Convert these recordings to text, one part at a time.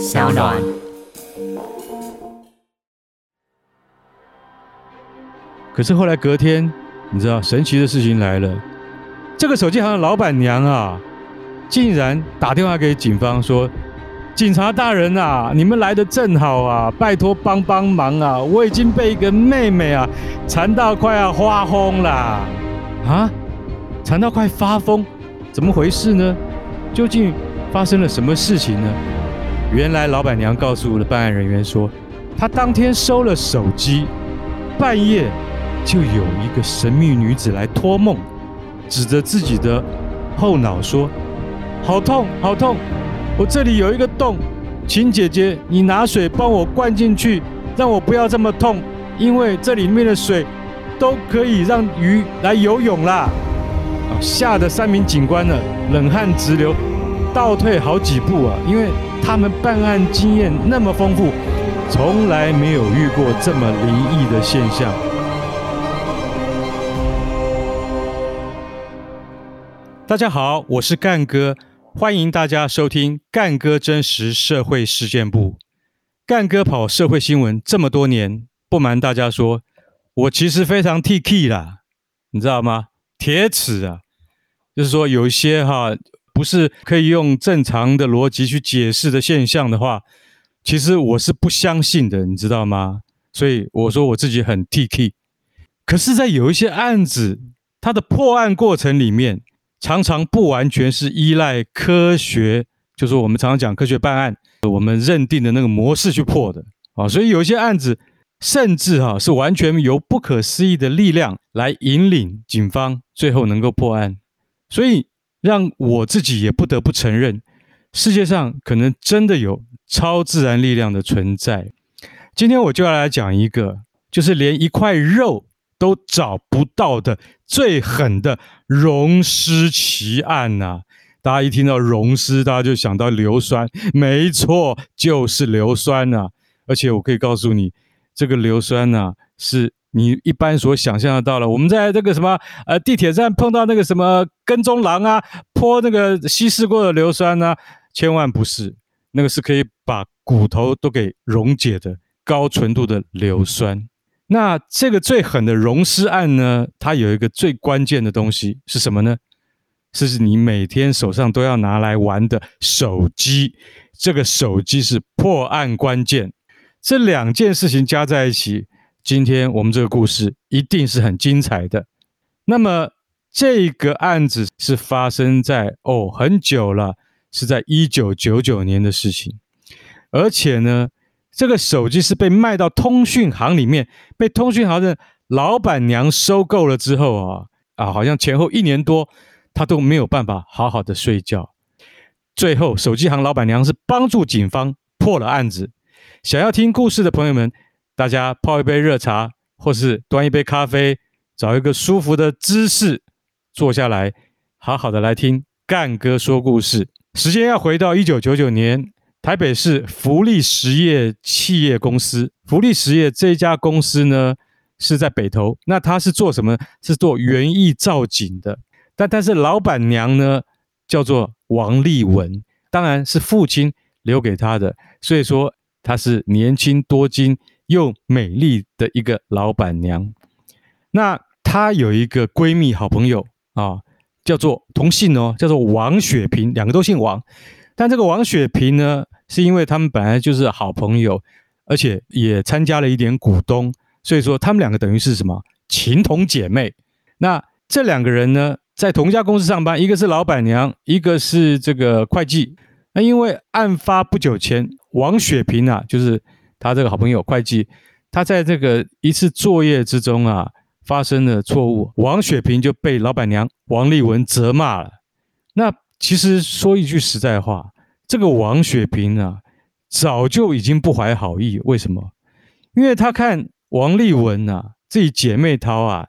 SoundOn 可是後來隔天，你知道神奇的事情來了，這個手機行的老闆娘啊，竟然打電話給警方說：“警察大人啊，你們來的正好啊，拜托幫幫忙啊，我已經被一個妹妹啊，纏到快要發瘋了啊，啊，纏到快發瘋，怎麼回事呢？究竟發生了什麼事情呢？”原來老闆娘告訴了辦案人員說，她當天收了手機，半夜就有一個神秘女子來托夢，指着自己的後腦說：“好痛，好痛！我這裡有一個洞，請姐姐你拿水幫我灌進去，讓我不要這麼痛，因為這裡面的水都可以讓魚來游泳啦！”嚇得三名警官呢，冷汗直流。倒退好幾步啊，因為他們辦案經驗那麼豐富，從來沒有遇過這麼靈異的現象。大家好，我是幹哥，歡迎大家收聽幹哥真實社會事件部。幹哥跑社會新聞這麼多年，不瞞大家說，我其實非常 TK 啦，你知道嗎？鐵齒啊，就是說有一些哈、啊。不是可以用正常的邏輯去解釋的現象的話，其實我是不相信的，你知道嗎？所以我說我自己很鐵齒。可是，在有一些案子，它的破案過程裡面，常常不完全是依賴科學，就是我們常常講科學辦案，我們認定的那個模式去破的啊。所以有一些案子，甚至哈、啊、是完全由不可思議的力量來引領警方，最後能夠破案。所以。讓我自己也不得不承認，世界上可能真的有超自然力量的存在。今天我就要來講一個，就是連一塊肉都找不到的最狠的溶屍奇案吶、啊。大家一聽到溶屍，大家就想到硫酸，沒錯，就是硫酸吶、啊，而且我可以告訴你，這個硫酸吶、啊，是。你一般所想象的到了，我們在這個什麼呃地鐵站碰到那個什麼跟蹤狼啊，潑那個稀釋過的硫酸呢、啊，千萬不是，那個是可以把骨頭都給溶解的高純度的硫酸。嗯、那這個最狠的溶屍案呢，它有一個最關鍵的東西是什麼呢？是你每天手上都要拿來玩的手機，這個手機是破案關鍵。這兩件事情加在一起。今天我們這個故事一定是很精彩的。那麼這個案子是發生在哦很久了，是在一九九九年的事情。而且呢，這個手機是被賣到通訊行裡面，被通訊行的老板娘收購了之後啊啊，好像前後一年多，他都沒有辦法好好的睡覺。最後，手機行老板娘是幫助警方破了案子。想要聽故事的朋友們。大家泡一杯熱茶，或是端一杯咖啡，找一個舒服的姿勢坐下來，好好的來聽幹哥說故事。時間要回到一九九九年，台北市福利實業企業公司，福利實業這家公司呢，是在北投，那他是做什麼？是做園藝造景的。但但是老板娘呢，叫做王麗文，當然是父親留給她的，所以說她是年輕多金。又美麗的一個老闆娘，那她有一個閨蜜、好朋友啊，叫做同姓哦，叫做王雪蘋，兩個都姓王。但這個王雪蘋呢，是因為他們本來就是好朋友，而且也參加了一點股東，所以說他們兩個等於是什麼情同姐妹。那這兩個人呢，在同一家公司上班，一個是老闆娘，一個是這個會計。那因為案發不久前，王雪蘋啊，就是。他這個好朋友會計，他在這個一次作業之中啊，發生了錯誤，王雪蘋就被老板娘王麗文責罵了。那其實說一句實在話，這個王雪蘋啊，早就已經不懷好意。為什麼？因為她看王麗文啊，自己姐妹淘啊，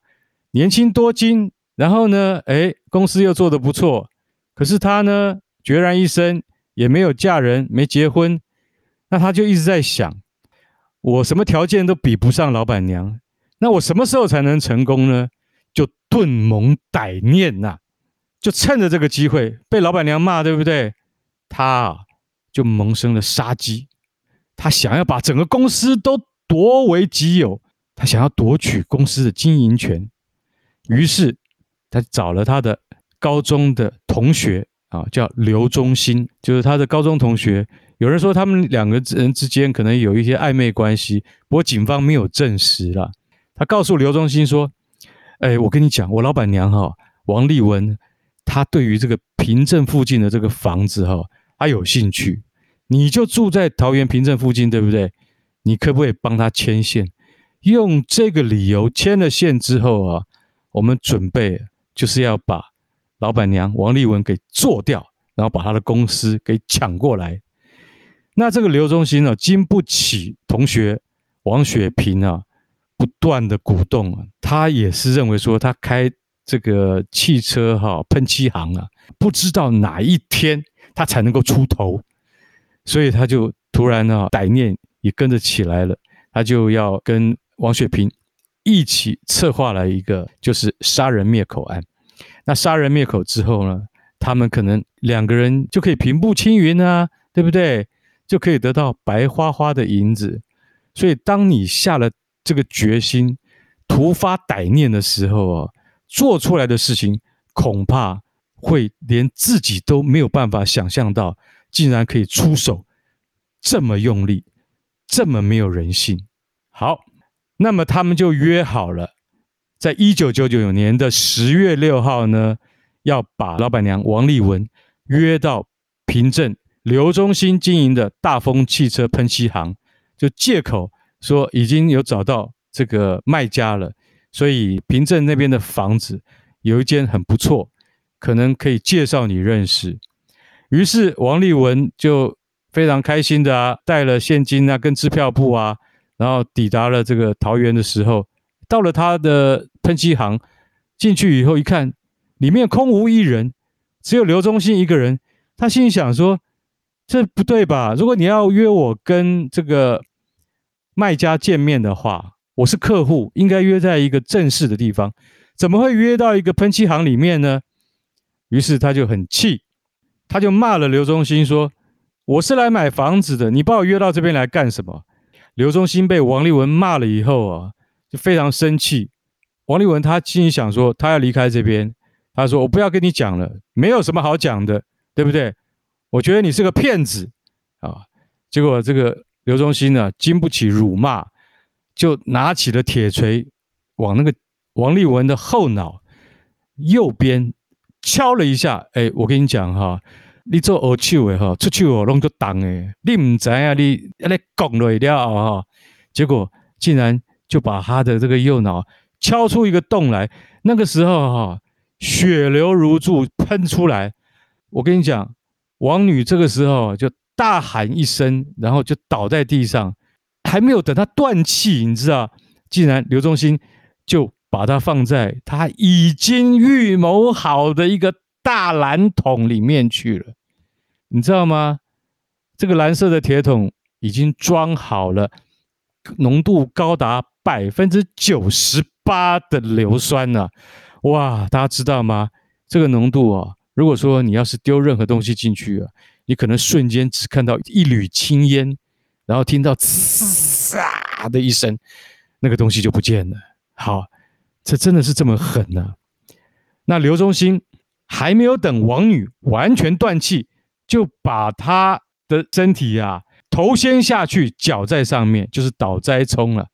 年輕多金，然後呢，哎，公司又做得不錯，可是她呢，孑然一身也沒有嫁人，沒結婚，那她就一直在想。我什麼條件都比不上老闆娘，那我什麼時候才能成功呢？就頓萌歹念吶、啊，就趁着這個機會被老闆娘罵，對不對？他、啊、就萌生了殺機，他想要把整個公司都奪為己有，他想要奪取公司的經營權。於是，他找了他的高中的同學啊，叫劉忠心，就是他的高中同學。有人說他們兩個人之間可能有一些曖昧關係，不過警方沒有證實了。他告訴劉忠心說：“哎，我跟你講，我老板娘哈、哦，王麗文，她對於這個平鎮附近的這個房子哈、哦，她有興趣。你就住在桃園平鎮附近，對不對？你可不可以幫她牽線？用這個理由牽了線之後啊，我們準備就是要把老板娘王麗文給做掉，然後把她的公司給搶過來。”那這個劉忠心呢、啊，經不起同學王雪萍啊不斷的鼓動啊，他也是認為說他開這個汽車哈、啊、噴漆行啊，不知道哪一天他才能夠出頭，所以他就突然呢、啊、歹念也跟着起來了，他就要跟王雪萍一起策劃了一個就是殺人滅口案。那殺人滅口之後呢，他們可能兩個人就可以平步青雲啊，對不對？就可以得到白花花的銀子，所以當你下了這個決心，突發歹念的時候啊、哦，做出來的事情恐怕會連自己都沒有辦法想象到，竟然可以出手這麼用力，這麼沒有人性。好，那麼他們就約好了，在一九九九年的十月六號呢，要把老闆娘王麗文約到平鎮。劉忠心經營的大豐汽車噴漆行，就借口說已經有找到這個賣家了，所以平鎮那邊的房子有一間很不錯，可能可以介紹你認識。於是王麗文就非常開心的啊，帶了現金啊跟支票簿啊，然後抵達了這個桃園的時候，到了他的噴漆行，進去以後一看，裡面空無一人，只有劉忠心一個人，他心裡想說。這不對吧？如果你要約我跟這個賣家見面的話，我是客戶，應該約在一個正式的地方，怎麼會約到一個噴漆行裡面呢？於是他就很氣，他就罵了劉忠心說：“我是來買房子的，你把我約到這邊來幹什麼？”劉忠心被王麗文罵了以後啊，就非常生氣。王麗文他心裡想說：“他要離開這邊，他說我不要跟你講了，沒有什麼好講的，對不對？”我覺得你是個騙子，啊！結果這個劉忠心呢，經不起辱罵，就拿起了鐵錘，往那個王麗文的後腦右邊敲了一下。哎，我跟你講哈、啊，你做偶趣味哈，出去我攏就擋哎，你不在啊，你阿你拱了一下哈，結果竟然就把他的這個右腦敲出一個洞來。那個時候哈、啊，血流如注，噴出來。我跟你講。王女這個時候就大喊一聲，然後就倒在地上。還沒有等她斷氣，你知道，竟然劉忠心就把它放在他已經預謀好的一個大藍桶裡面去了。你知道嗎？這個藍色的鐵桶已經裝好了，濃度高達百分之九十八的硫酸了，哇，大家知道嗎？這個濃度哦。如果說你要是丟任何東西進去啊，你可能瞬間只看到一縷青煙，然後聽到“呲”的一聲，那個東西就不見了。好，這真的是這麼狠呢、啊？那劉忠心還沒有等王女完全斷氣，就把他的身體啊頭先下去，腳在上面，就是倒栽蔥了，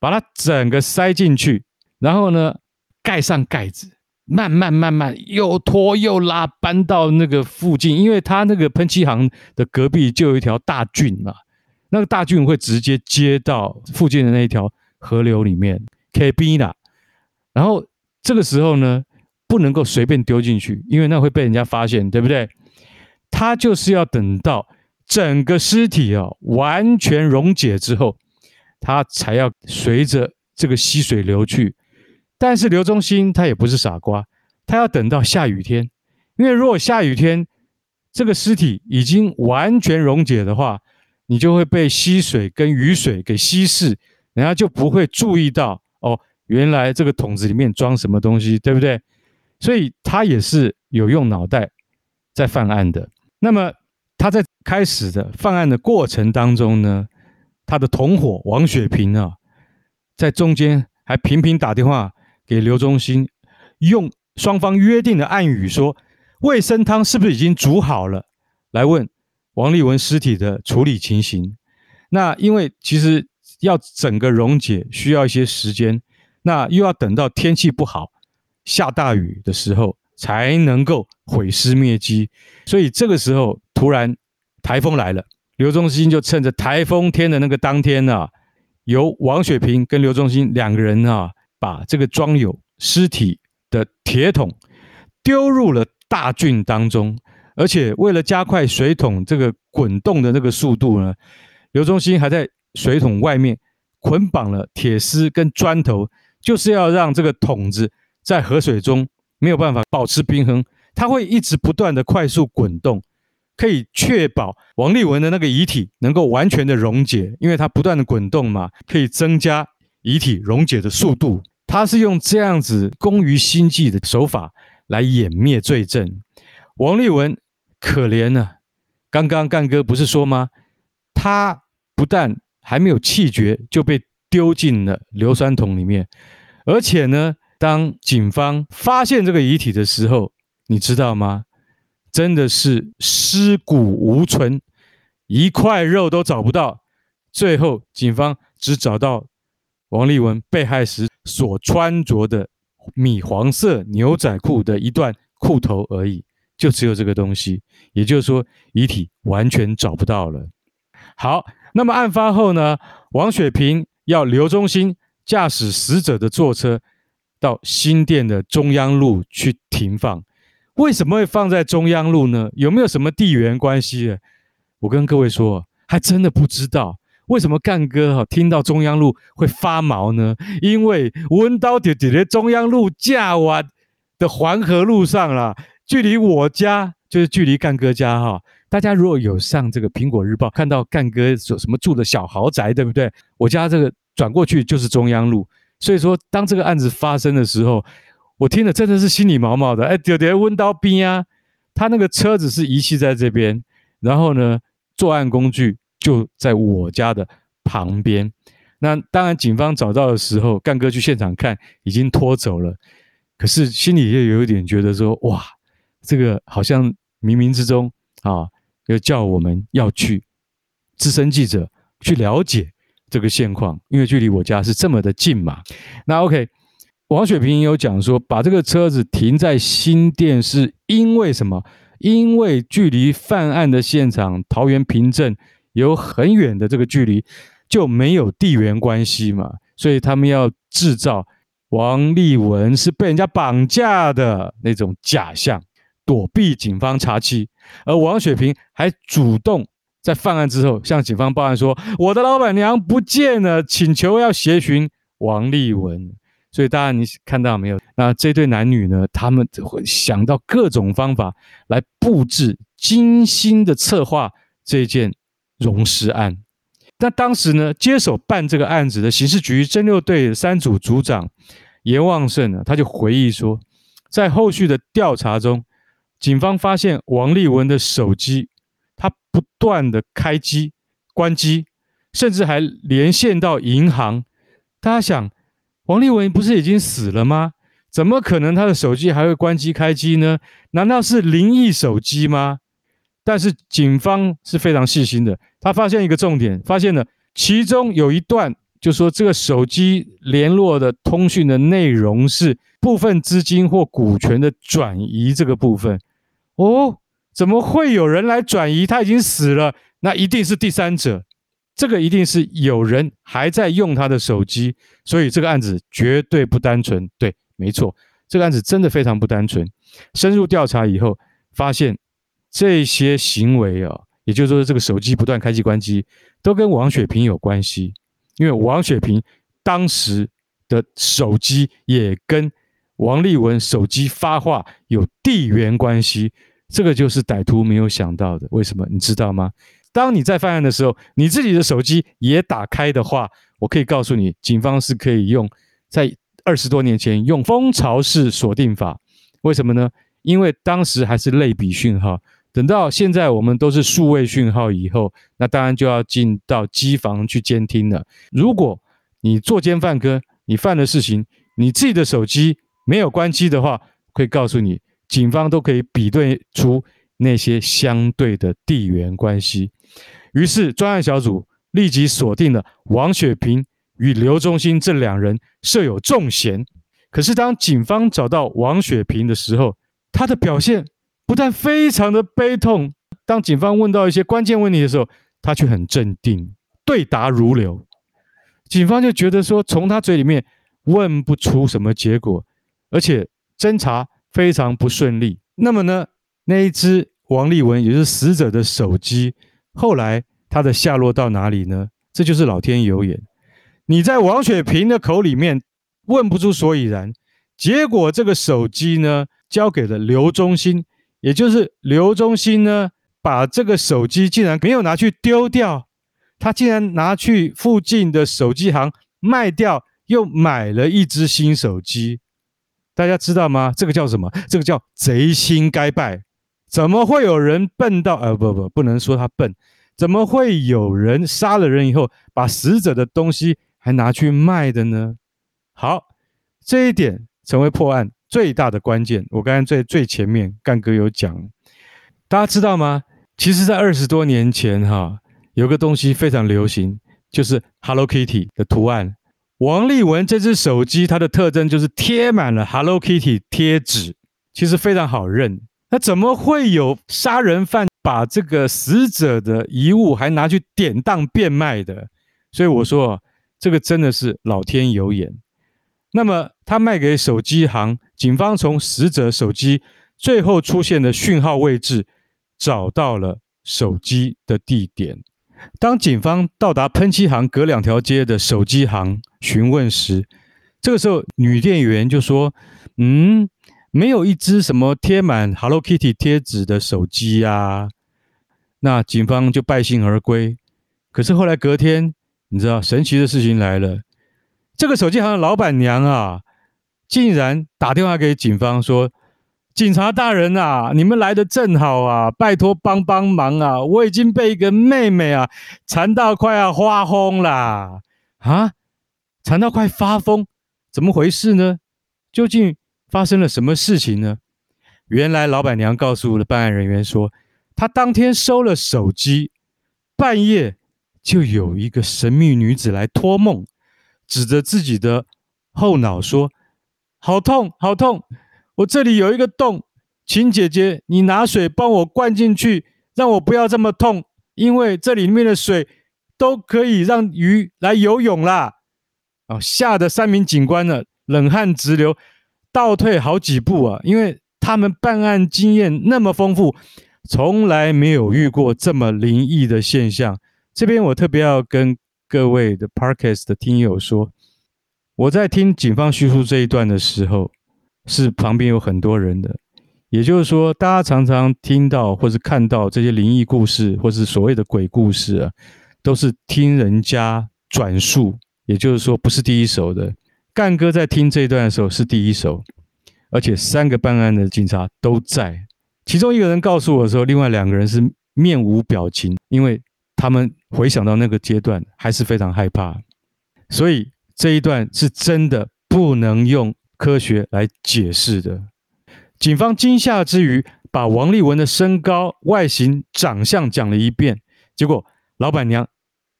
把他整個塞進去，然後呢，蓋上蓋子。慢慢慢慢又拖又拉搬到那個附近，因為他那個噴漆行的隔壁就有一條大圳嘛，那個大圳會直接接到附近的那一條河流裡面，KB 啦，然後這個時候呢，不能夠隨便丟進去，因為那會被人家發現，對不對？他就是要等到整個屍體哦，完全溶解之後，他才要隨着這個溪水流去。但是劉忠心他也不是傻瓜，他要等到下雨天，因為如果下雨天，這個屍體已經完全溶解的話，你就會被溪水跟雨水給稀釋，人家就不會注意到哦，原來這個桶子裡面裝什麼東西，對不對？所以他也是有用腦袋在犯案的。那麼他在開始的犯案的過程當中呢，他的同夥王雪蘋啊，在中間還頻頻打電話。給劉忠心用雙方約定的暗語說：“味噌湯是不是已經煮好了？”來問王麗文屍體的處理情形。那因為其實要整個溶解需要一些時間，那又要等到天氣不好、下大雨的時候才能夠毀屍滅跡。所以這個時候突然台風來了，劉忠心就趁着台風天的那個當天啊，由王雪蘋跟劉忠心兩個人啊。把這個裝有屍體的鐵桶丟入了大郡當中，而且為了加快水桶這個滾動的那個速度呢，劉忠心還在水桶外面捆綁了鐵絲跟磚頭，就是要讓這個桶子在河水中沒有辦法保持平衡，它會一直不斷的快速滾動，可以確保王麗文的那個遺體能夠完全的溶解，因為它不斷的滾動嘛，可以增加。遺體溶解的速度，他是用這樣子工於心計的手法來湮滅罪證。王麗文可憐了，啊，剛剛乾哥不是說嗎？他不但還沒有氣絕，就被丟進了硫酸桶裡面，而且呢，當警方發現這個遺體的時候，你知道嗎？真的是屍骨無存，一塊肉都找不到。最後警方只找到。王麗文被害時所穿着的米黃色牛仔褲的一段褲頭而已，就只有這個東西。也就是說，遺體完全找不到了。好，那麼案發後呢？王雪蘋要劉忠心駕駛死者的座車到新店的中央路去停放。為什麼會放在中央路呢？有沒有什麼地緣關係呢？我跟各位說，還真的不知道。為什麼幹哥哈聽到中央路會發毛呢？因為溫刀丟丟在中央路架完的環河路上啦，距離我家就是距離幹哥家哈。大家如果有上這個蘋果日報看到幹哥住什麼住的小豪宅，對不對？我家這個轉過去就是中央路，所以說當這個案子發生的時候，我聽的真的是心裡毛毛的。哎，丢丟彎刀兵啊，他那個車子是遺棄在這邊，然後呢，作案工具。就在我家的旁邊。那當然，警方找到的時候，幹哥去現場看，已經拖走了。可是心裡又有一點覺得說：“哇，這個好像冥冥之中啊，又叫我們要去資深記者去了解這個現況，因為距離我家是這麼的近嘛。”那 OK，王雪蘋有講說，把這個車子停在新店，是因為什麼？因為距離犯案的現場桃園平鎮。有很遠的這個距離，就沒有地緣關係嘛，所以他們要製造王麗文是被人家綁架的那種假象，躲避警方查緝。而王雪蘋還主動在犯案之後向警方報案說：“我的老闆娘不見了，請求要協尋王麗文。”所以大家你看到沒有？那這對男女呢，他們會想到各種方法來佈置，精心的策劃這件。溶屍案。那當時呢，接手辦這個案子的刑事局偵六隊三組組長嚴旺盛呢，他就回憶說，在後續的調查中，警方發現王麗文的手機，他不斷的開機、關機，甚至還連線到銀行。大家想，王麗文不是已經死了嗎？怎麼可能他的手機還會關機、開機呢？難道是靈異手機嗎？但是警方是非常細心的，他發現一個重點，發現了其中有一段，就說這個手機聯絡的通訊的內容是部分資金或股權的轉移這個部分。哦，怎麼會有人來轉移？他已經死了，那一定是第三者。這個一定是有人還在用他的手機，所以這個案子絕對不單純。對，沒錯，這個案子真的非常不單純。深入調查以後，發現。這些行為啊、哦，也就是說，這個手機不斷開機關機，都跟王雪蘋有關係，因為王雪蘋當時的手機也跟王麗文手機發話有地緣關係，這個就是歹徒沒有想到的。為什麼你知道嗎？當你在犯案的時候，你自己的手機也打開的話，我可以告訴你，警方是可以用在二十多年前用蜂巢式鎖定法。為什麼呢？因為當時還是類比訊號。等到現在，我們都是數位訊號以後，那當然就要進到機房去監聽了。如果你作姦犯科，你犯的事情，你自己的手機沒有關機的話，可以告訴你，警方都可以比對出那些相對的地緣關係。於是專案小組立即鎖定了王雪蘋與劉忠心這兩人設有重嫌。可是當警方找到王雪蘋的時候，她的表現。不但非常的悲痛，當警方問到一些關鍵問題的時候，他卻很鎮定，對答如流。警方就覺得說，從他嘴裡面問不出什麼結果，而且偵查非常不順利。那麼呢，那一隻王麗文也就是死者的手機，後來他的下落到哪裡呢？這就是老天有眼，你在王雪蘋的口裡面問不出所以然，結果這個手機呢，交給了劉忠心。也就是劉忠心呢，把這個手機竟然沒有拿去丟掉，他竟然拿去附近的手機行賣掉，又買了一只新手機。大家知道嗎？這個叫什麼？這個叫賊心該敗。怎麼會有人笨到？呃，不,不不，不能說他笨。怎麼會有人殺了人以後，把死者的東西還拿去賣的呢？好，這一點成為破案。最大的關鍵，我剛才在最前面乾哥有講，大家知道嗎？其實，在二十多年前，哈，有一個東西非常流行，就是 Hello Kitty 的圖案。王麗文這隻手機，它的特徵就是貼滿了 Hello Kitty 貼紙，其實非常好認。那怎麼會有殺人犯把這個死者的遺物還拿去典當變賣的？所以我說，這個真的是老天有眼。那麼，他賣給手機行。警方從死者手機最後出現的訊號位置，找到了手機的地點。當警方到達噴漆行隔兩條街的手機行詢問時，這個時候女店員就說：“嗯，沒有一隻什麼貼滿 Hello Kitty 貼紙的手機呀、啊。”那警方就敗興而歸。可是後來隔天，你知道，神奇的事情來了。這個手機行的老闆娘啊，竟然打電話給警方說：“警察大人啊，你們來得正好啊，拜託幫幫忙啊！我已經被一個妹妹啊纏到快要發瘋了啊，纏到快發瘋，怎麼回事呢？究竟發生了什麼事情呢？”原來老闆娘告訴了辦案人員說，她當天收了手機，半夜就有一個神秘女子來托夢。指着自己的後腦說：“好痛，好痛！我這裡有一個洞，請姐姐你拿水幫我灌進去，讓我不要這麼痛。因為這裡面的水都可以讓魚來游泳啦。”啊，嚇得三名警官呢，冷汗直流，倒退好幾步啊！因為他們辦案經驗那麼豐富，從來沒有遇過這麼靈異的現象。這邊我特別要跟。各位的 Podcast 的聽友說，我在聽警方敘述這一段的時候，是旁邊有很多人的，也就是說，大家常常聽到或是看到這些靈異故事，或是所謂的鬼故事，啊，都是聽人家轉述，也就是說，不是第一手的。幹哥在聽這一段的時候是第一手，而且三個辦案的警察都在，其中一個人告訴我的時候，另外兩個人是面無表情，因為。他們回想到那個階段，還是非常害怕，所以這一段是真的不能用科學來解釋的。警方驚嚇之餘，把王麗文的身高、外形、長相講了一遍，結果老闆娘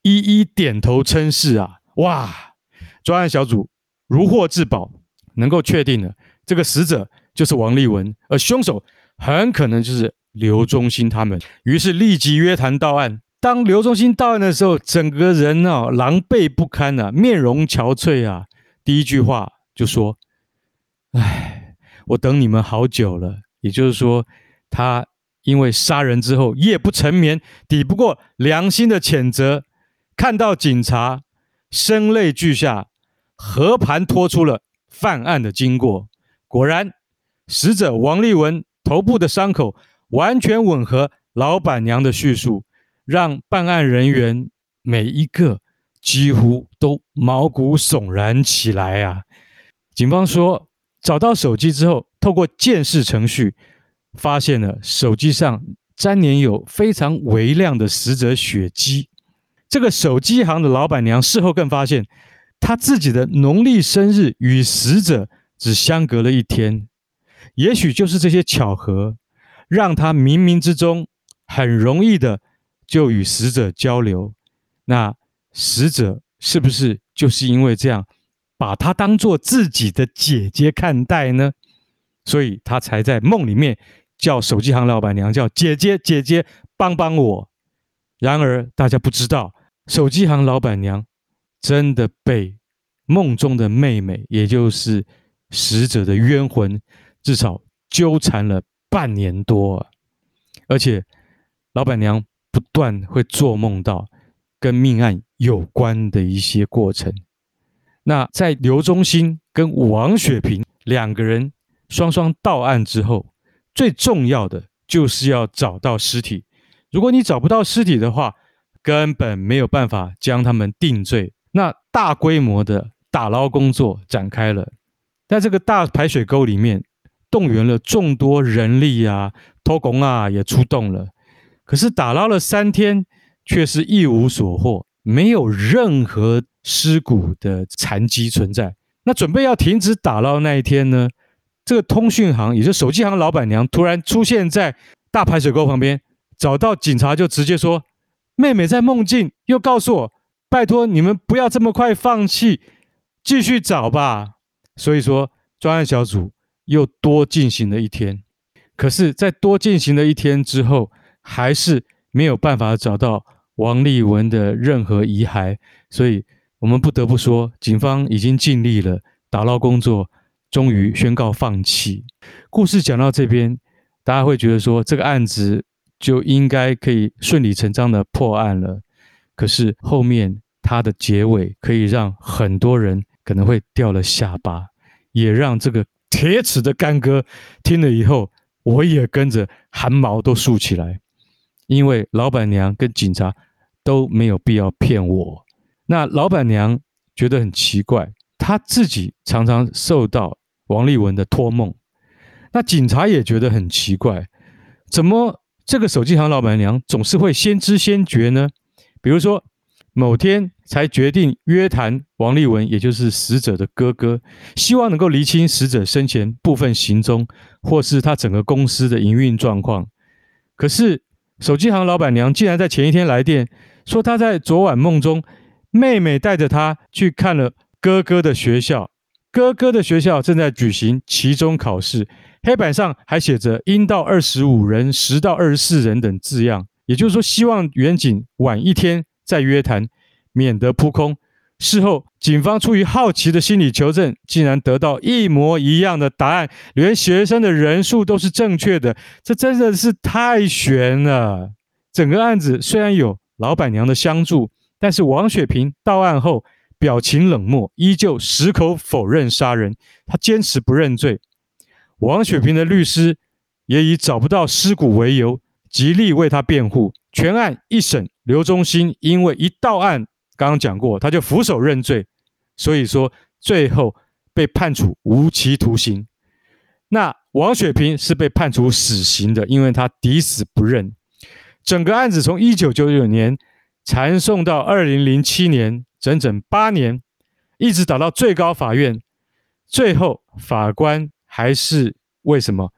一一點頭稱是啊，哇！專案小組如獲至寶，能夠確定了這個死者就是王麗文，而凶手很可能就是劉忠心他們，於是立即約談到案。當劉忠心到案的時候，整個人哦、啊、狼狽不堪的、啊，面容憔悴啊。第一句話就說：“哎，我等你們好久了。”也就是說，他因為殺人之後夜不成眠，抵不過良心的譴責，看到警察，聲淚俱下，和盤托出了犯案的經過。果然，死者王麗文頭部的傷口完全吻合老板娘的敘述。讓辦案人員每一個幾乎都毛骨悚然起來啊！警方說，找到手機之後，透過監視程序，發現了手機上粘黏有非常微量的死者血跡。這個手機行的老闆娘事後更發現，她自己的農曆生日與死者只相隔了一天，也許就是這些巧合，讓她冥冥之中很容易的。就與死者交流，那死者是不是就是因為這樣，把她當做自己的姐姐看待呢？所以他才在夢裡面叫手機行老闆娘叫姐姐，姐姐幫幫我。然而大家不知道，手機行老闆娘真的被夢中的妹妹，也就是死者的冤魂，至少糾纏了半年多，而且老闆娘。不斷會做夢到跟命案有關的一些過程。那在劉忠心跟王雪蘋兩個人雙雙到案之後，最重要的就是要找到屍體。如果你找不到屍體的話，根本沒有辦法將他們定罪。那大規模的打撈工作展開了，在這個大排水溝裡面，動員了眾多人力啊，偷工啊也出動了。可是打撈了三天，卻是一無所獲，沒有任何屍骨的殘跡存在。那準備要停止打撈那一天呢，這個通訊行，也就是手機行老闆娘，突然出現在大排水溝旁邊，找到警察就直接說：“妹妹在夢境，又告訴我，拜托你們不要這麼快放棄，繼續找吧。”所以說，專案小組又多進行了一天。可是，在多進行了一天之後，還是沒有辦法找到王麗文的任何遺骸，所以我們不得不說，警方已經盡力了，打撈工作終於宣告放棄。故事講到這邊，大家會覺得說，這個案子就應該可以順理成章的破案了。可是後面它的結尾可以讓很多人可能會掉了下巴，也讓這個鐵齒的幹哥聽了以後，我也跟着汗毛都豎起來。因為老闆娘跟警察都沒有必要騙我，那老闆娘覺得很奇怪，她自己常常受到王麗文的托夢，那警察也覺得很奇怪，怎麼這個手機行老闆娘總是會先知先覺呢？比如說，某天才決定約談王立文，也就是死者的哥哥，希望能夠釐清死者生前部分行蹤或是他整個公司的營運狀況，可是。手機行老闆娘竟然在前一天來電，說她在昨晚夢中，妹妹帶着她去看了哥哥的學校，哥哥的學校正在舉行期中考試，黑板上還寫着應到二十五人，實到二十四人等字樣，也就是說，希望員警晚一天再約談，免得撲空。事後，警方出於好奇的心理求證，竟然得到一模一樣的答案，連學生的人數都是正確的，這真的是太懸了啊。整個案子雖然有老闆娘的相助，但是王雪蘋到案後表情冷漠，依舊矢口否認殺人，她堅持不認罪。王雪蘋的律師也以找不到屍骨為由，極力為他辯護。全案一審，劉忠心因為一到案。剛剛講過，他就俯首認罪，所以說最後被判處無期徒刑。那王雪蘋是被判處死刑的，因為他抵死不認。整個案子從一九九九年纏訟到二零零七年，整整八年，一直打到最高法院。最後法官還是為什麼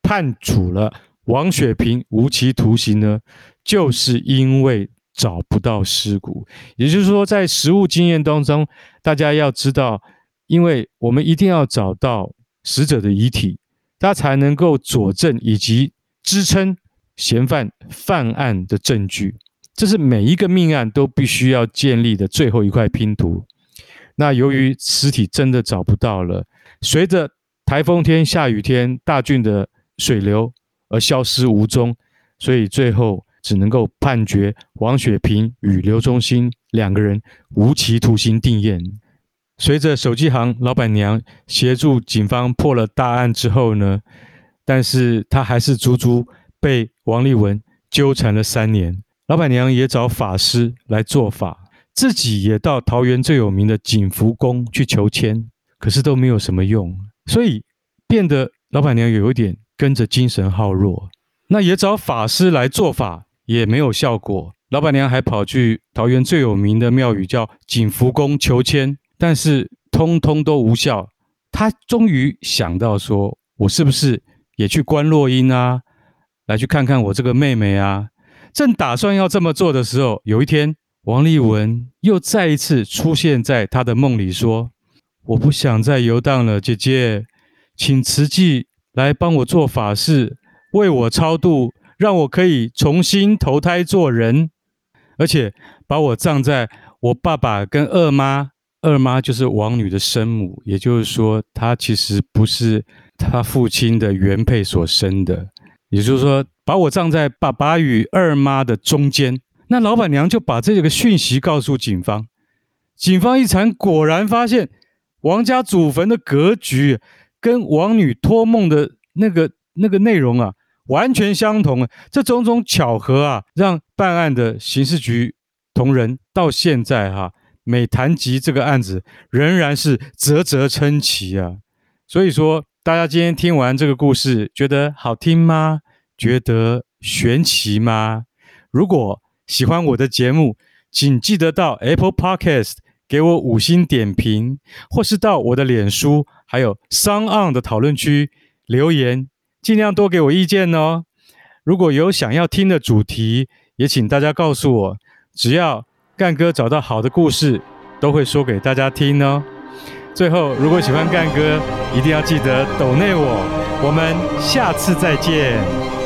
判處了王雪蘋無期徒刑呢？就是因為。找不到屍骨，也就是說，在實務經驗當中，大家要知道，因為我們一定要找到死者的遺體，他才能夠佐證以及支撐嫌犯犯案的證據。這是每一個命案都必須要建立的最後一塊拼圖。那由於屍體真的找不到了，隨着台風天、下雨天、大汛的水流而消失無蹤，所以最後。只能夠判決王雪蘋與劉忠心兩個人無期徒刑定讞。隨着手機行老闆娘協助警方破了大案之後呢，但是他還是足足被王立文糾纏了三年。老闆娘也找法師來做法，自己也到桃園最有名的景福宮去求籤，可是都沒有什麼用，所以變得老闆娘有一點跟着精神耗弱。那也找法師來做法。也沒有效果，老闆娘還跑去桃園最有名的廟宇叫景福宮求籤，但是通通都無效。她終於想到說，我是不是也去觀落陰啊，來去看看我這個妹妹啊？正打算要這麼做的時候，有一天，王麗文又再一次出現在她的夢裡，說：“我不想再遊蕩了，姐姐，請慈濟來幫我做法事，為我超度。”讓我可以重新投胎做人，而且把我葬在我爸爸跟二媽，二媽就是王女的生母，也就是說，她其實不是她父親的原配所生的，也就是說，把我葬在爸爸與二媽的中間。那老闆娘就把這個訊息告訴警方，警方一查，果然發現王家祖墳的格局跟王女托夢的那個那個內容啊。完全相同，這種種巧合啊，讓辦案的刑事局同仁到現在哈、啊，每談及這個案子，仍然是嘖嘖稱奇啊。所以說，大家今天聽完這個故事，覺得好聽嗎？覺得玄奇嗎？如果喜歡我的節目，請記得到 Apple Podcast 給我五星點評，或是到我的臉書還有 SoundOn 的討論區留言。盡量多給我意見哦！如果有想要聽的主題，也請大家告訴我。只要干哥找到好的故事，都會說給大家聽哦。最後，如果喜歡干哥，一定要記得抖內我。我們下次再見。